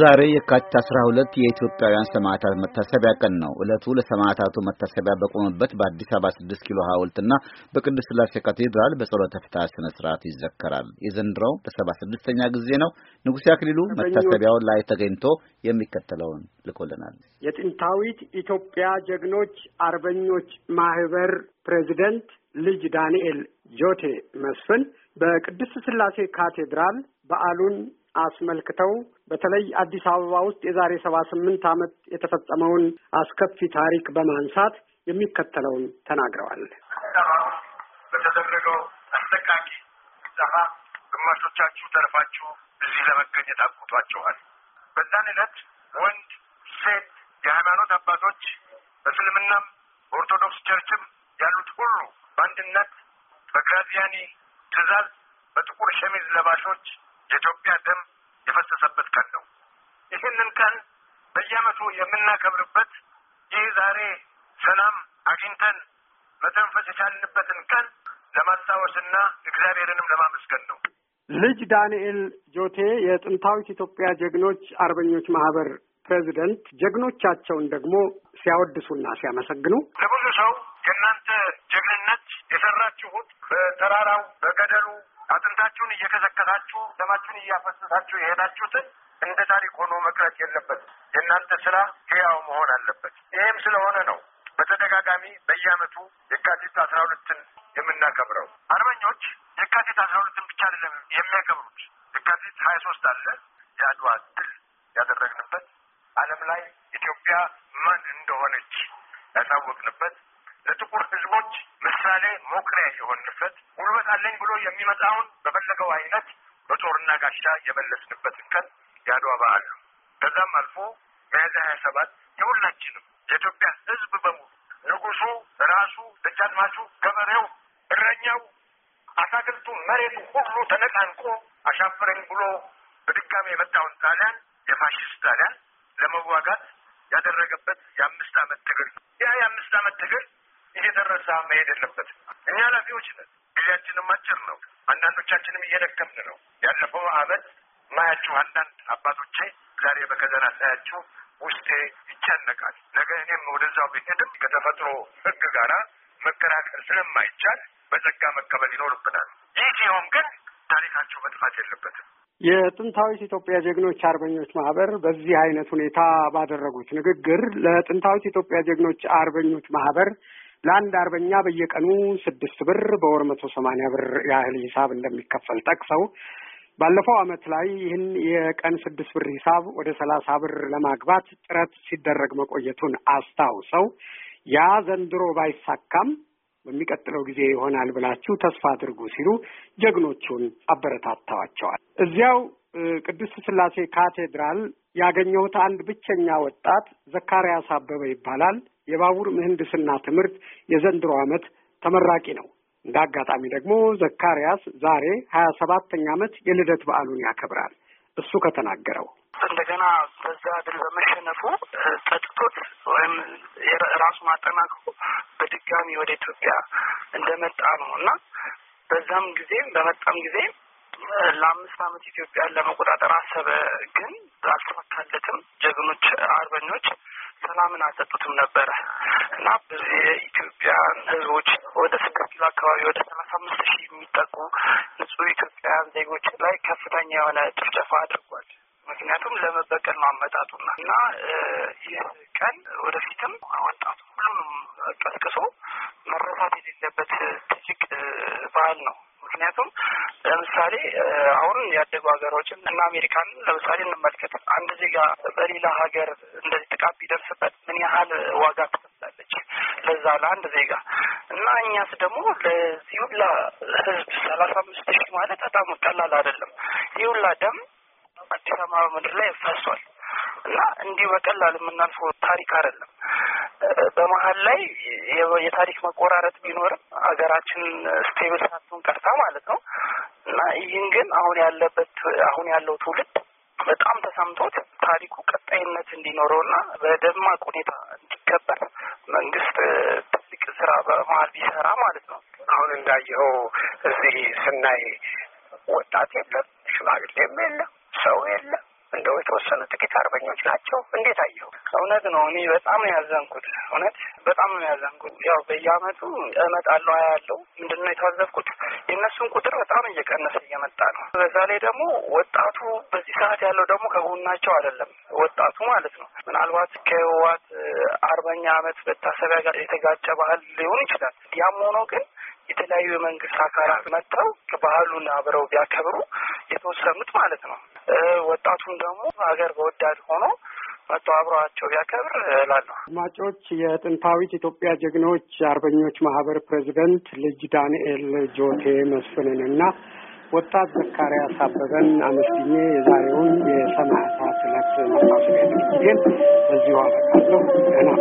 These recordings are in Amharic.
ዛሬ የካቲት 12 የኢትዮጵያውያን ሰማዕታት መታሰቢያ ቀን ነው። ዕለቱ ለሰማዕታቱ መታሰቢያ በቆመበት በአዲስ አበባ 6 ኪሎ ሐውልትና በቅዱስ ሥላሴ ካቴድራል በጸሎተ ፍትሐት ስነ ስርዓት ይዘከራል። የዘንድሮው ለ76ኛ ጊዜ ነው። ንጉሴ አክሊሉ መታሰቢያው ላይ ተገኝቶ የሚከተለውን ልኮልናል። የጥንታዊት ኢትዮጵያ ጀግኖች አርበኞች ማህበር ፕሬዚደንት ልጅ ዳንኤል ጆቴ መስፍን በቅድስት ሥላሴ ካቴድራል በዓሉን አስመልክተው በተለይ አዲስ አበባ ውስጥ የዛሬ ሰባ ስምንት ዓመት የተፈጸመውን አስከፊ ታሪክ በማንሳት የሚከተለውን ተናግረዋል። በተደረገው አስጠቃቂ ጭፍጨፋ ግማሾቻችሁ ተርፋችሁ እዚህ ለመገኘት አብቅቷችኋል። በዛን ዕለት ወንድ፣ ሴት፣ የሃይማኖት አባቶች በእስልምናም በኦርቶዶክስ ቸርችም ያሉት ሁሉ በአንድነት በክራዚያኒ ትዕዛዝ በጥቁር ሸሚዝ ለባሾች የኢትዮጵያ ደም የፈሰሰበት ቀን ነው። ይህንን ቀን በየዓመቱ የምናከብርበት ይህ ዛሬ ሰላም አግኝተን መተንፈስ የቻልንበትን ቀን ለማስታወስና እግዚአብሔርንም ለማመስገን ነው። ልጅ ዳንኤል ጆቴ የጥንታዊት ኢትዮጵያ ጀግኖች አርበኞች ማህበር ፕሬዚደንት፣ ጀግኖቻቸውን ደግሞ ሲያወድሱና ሲያመሰግኑ ለብዙ ሰው የእናንተ ጀግንነት የሰራችሁት በተራራው፣ በገደሉ፣ አጥንታችሁን እየከሰከሳችሁ ደማችሁን እያፈሰሳችሁ የሄዳችሁትን እንደ ታሪክ ሆኖ መቅረት የለበትም። የእናንተ ስራ ህያው መሆን አለበት። ይህም ስለሆነ ነው በተደጋጋሚ በየአመቱ የካቲት አስራ ሁለትን የምናከብረው። አርበኞች የካቲት አስራ ሁለትን ብቻ አይደለም የሚያከብሩት። የካቲት ሀያ ሶስት አለ የአድዋ ድል ያደረግንበት ዓለም ላይ ኢትዮጵያ ማን እንደሆነች ያሳወቅንበት ለጥቁር ህዝቦች ምሳሌ መኩሪያ የሆንበት ጉልበት አለኝ ብሎ የሚመጣውን በፈለገው አይነት በጦርና ጋሻ የመለስንበትን ቀን የአድዋ በዓል ነው። ከዛም አልፎ ሚያዝያ ሀያ ሰባት የሁላችንም የኢትዮጵያ ህዝብ በሙሉ ንጉሱ ራሱ፣ ደጅ ገበሬው፣ እረኛው፣ አታክልቱ፣ መሬቱ ሁሉ ተነቃንቆ አሻፈረኝ ብሎ በድጋሚ የመጣውን ጣሊያን የፋሽስት ጣሊያን ለመዋጋት ያደረገበት የአምስት ዓመት ትግል ያ የአምስት ዓመት ትግል እየደረሰ መሄድ የለበትም። እኛ ኃላፊዎች ነን። ጊዜያችንም አጭር ነው። አንዳንዶቻችንም እየደከምን ነው። ያለፈው አመት ማያችሁ አንዳንድ አባቶቼ ዛሬ በከዘና ሳያችሁ ውስጤ ይጨነቃል። ነገ እኔም ወደዛው ብሄድም ከተፈጥሮ ህግ ጋራ መከራከር ስለማይቻል በጸጋ መቀበል ይኖርብናል። ይህ ሲሆን ግን ታሪካቸው መጥፋት የለበትም። የጥንታዊት ኢትዮጵያ ጀግኖች አርበኞች ማህበር በዚህ አይነት ሁኔታ ባደረጉት ንግግር ለጥንታዊት ኢትዮጵያ ጀግኖች አርበኞች ማህበር ለአንድ አርበኛ በየቀኑ ስድስት ብር በወር መቶ ሰማንያ ብር ያህል ሂሳብ እንደሚከፈል ጠቅሰው ባለፈው ዓመት ላይ ይህን የቀን ስድስት ብር ሂሳብ ወደ ሰላሳ ብር ለማግባት ጥረት ሲደረግ መቆየቱን አስታውሰው ያ ዘንድሮ ባይሳካም በሚቀጥለው ጊዜ ይሆናል ብላችሁ ተስፋ አድርጉ ሲሉ ጀግኖቹን አበረታታዋቸዋል። እዚያው ቅድስት ስላሴ ካቴድራል ያገኘሁት አንድ ብቸኛ ወጣት ዘካርያስ አበበ ይባላል። የባቡር ምህንድስና ትምህርት የዘንድሮ ዓመት ተመራቂ ነው። እንደ አጋጣሚ ደግሞ ዘካርያስ ዛሬ ሀያ ሰባተኛ ዓመት የልደት በዓሉን ያከብራል። እሱ ከተናገረው እንደገና በዛ ድል በመሸነፉ ጠጥቶት ወይም ራሱ ማጠናቀቁ በድጋሚ ወደ ኢትዮጵያ እንደመጣ ነው እና በዛም ጊዜም በመጣም ጊዜ ለአምስት ዓመት ኢትዮጵያን ለመቆጣጠር አሰበ፣ ግን አልተሳካለትም። ጀግኖች አርበኞች ሰላምን አልሰጡትም ነበረ እና በዚህ የኢትዮጵያን ህዝቦች ወደ ስድስት ኪሎ አካባቢ ወደ ሰላሳ አምስት ሺህ የሚጠቁ ንጹህ ኢትዮጵያውያን ዜጎች ላይ ከፍተኛ የሆነ ጭፍጨፋ አድርጓል። ምክንያቱም ለመበቀል አመጣጡ ነው እና ይህ ቀን ወደፊትም ወጣቱ ሁሉንም ቀስቅሶ መረሳት የሌለበት ትልቅ ባህል ነው። ምክንያቱም ለምሳሌ አሁን ያደጉ ሀገሮችን እና አሜሪካን ለምሳሌ እንመልከት። አንድ ዜጋ በሌላ ሀገር እንደ ጥቃት ቢደርስበት ምን ያህል ዋጋ ትከፍላለች ለዛ ለአንድ ዜጋ እና እኛስ ደግሞ ለዚህ ሁላ ህዝብ ሰላሳ አምስት ሺህ ማለት በጣም ቀላል አይደለም። ይህ ሁላ ደም አዲስ አበባ ምድር ላይ ፈሷል እና እንዲህ በቀላል የምናልፈው ታሪክ አይደለም። በመሀል ላይ የታሪክ መቆራረጥ ቢኖርም ሀገራችን ስቴብል ሳትሆን ቀርታ ማለት ነው እና ይህን ግን አሁን ያለበት አሁን ያለው ትውልድ በጣም ተሰምቶት ታሪኩ ቀጣይነት እንዲኖረውና በደማቅ ሁኔታ እንዲከበር መንግስት ትልቅ ስራ በመሀል ቢሰራ ማለት ነው። አሁን እንዳየኸው እዚህ ስናይ ወጣት የለም፣ ሽማግሌም የለም፣ ሰው የለም። እንደው የተወሰኑ ጥቂት አርበኞች ናቸው። እንዴት አየው? እውነት ነው። እኔ በጣም ነው ያዘንኩት። እውነት በጣም ነው ያዘንኩት። ያው በየአመቱ እመጣለሁ ያለው ምንድን ነው የታዘብኩት የእነሱን ቁጥር በጣም እየቀነሰ እየመጣ ነው። በዛ ላይ ደግሞ ወጣቱ በዚህ ሰዓት ያለው ደግሞ ከጎናቸው አይደለም፣ ወጣቱ ማለት ነው። ምናልባት ከህወሓት አርበኛ አመት መታሰቢያ ጋር የተጋጨ ባህል ሊሆን ይችላል። ያም ሆኖ ግን የተለያዩ የመንግስት አካላት መጥተው ባህሉን አብረው ቢያከብሩ የተወሰኑት ማለት ነው። ወጣቱም ደግሞ ሀገር በወዳድ ሆኖ መጥቶ አብሯቸው ቢያከብር እላለሁ። አድማጮች፣ የጥንታዊት ኢትዮጵያ ጀግኖች አርበኞች ማህበር ፕሬዚደንት ልጅ ዳንኤል ጆቴ መስፍንን መስፍንንና ወጣት ዘካሪያስ አበበን አመስግኜ የዛሬውን የሰማዕታት ዕለት መታሰቢያ ዝግጅቴን በዚሁ አበቃለሁ። ደህና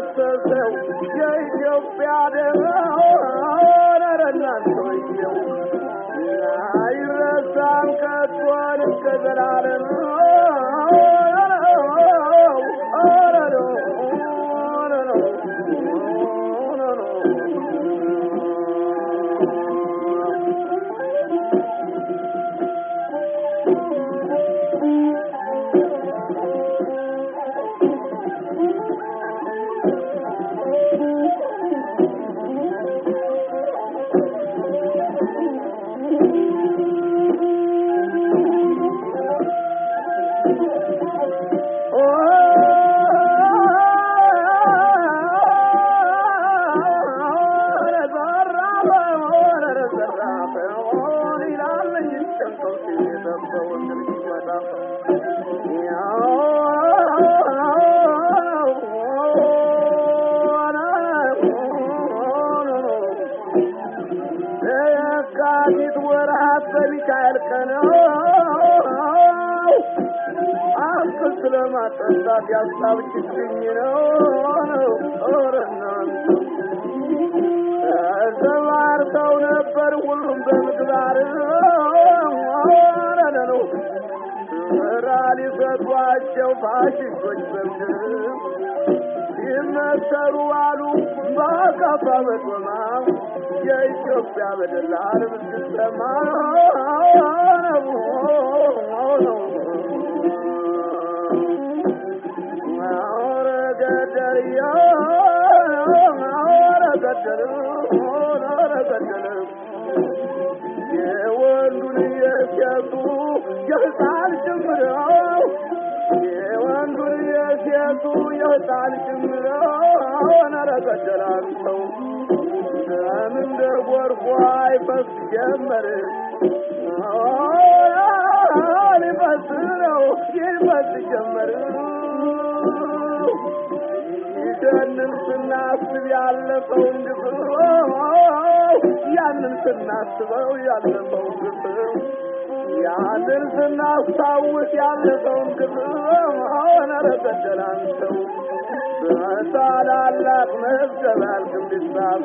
የፈሰሰው የኢትዮጵያ ደም ሆነ አይረሳም ከቶ እስከ ዘላለም ለየካቲት ወራት በሚካኤል ቀን አንተ ስለማጠጣት ያስታብችብኝ ነው ጦርና ተሰማርተው ነበር ሁሉም በምግባር ነው ራ ሊሰጧቸው ፋሽስቶች በምድር ይመሰሩ አሉ በአካፋ በጦማ የኢትዮጵያ በደላ ዓለም ስትሰማ የወንዱን የወንዱን የሴቱ የህፃን ጭምረው ነረገደላቸው ከምንደር ጎርፏ ይፈስ ጀመር ሊፈስ ነው ይፈስ ጀመር ይደንም ስናስብ ያለፈውን ግፍው ያንን ስናስበው ያለፈውን ግፍው ያንን ስናስታውስ ያለፈውን ግፍው ሆነ ረገደላንተው በሳላ መዝገብ አልክም ልሳኖ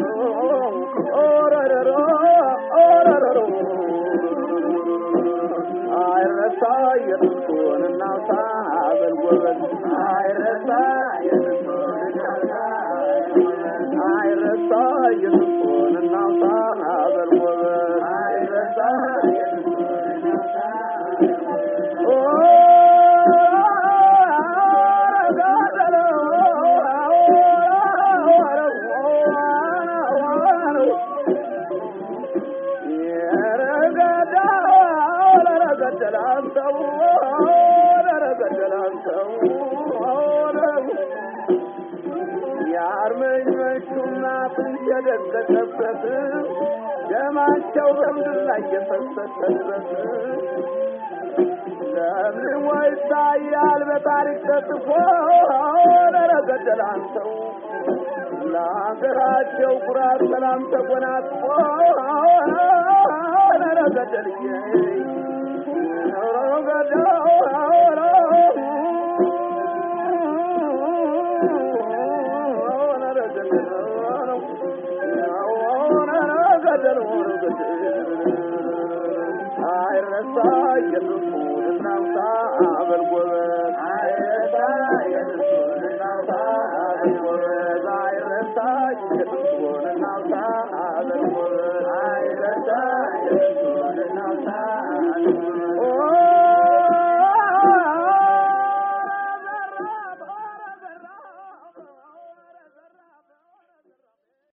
እየደቀቀበት ደማቸው በምድር ላይ እየፈሰሰ ድረስ ይታያል በታሪክ ተጽፎ ኧረ ገደል አንተው ለሀገራቸው ኩራት ሰላም ተጎናጽፎ ኧረ ገደልዬ Lord.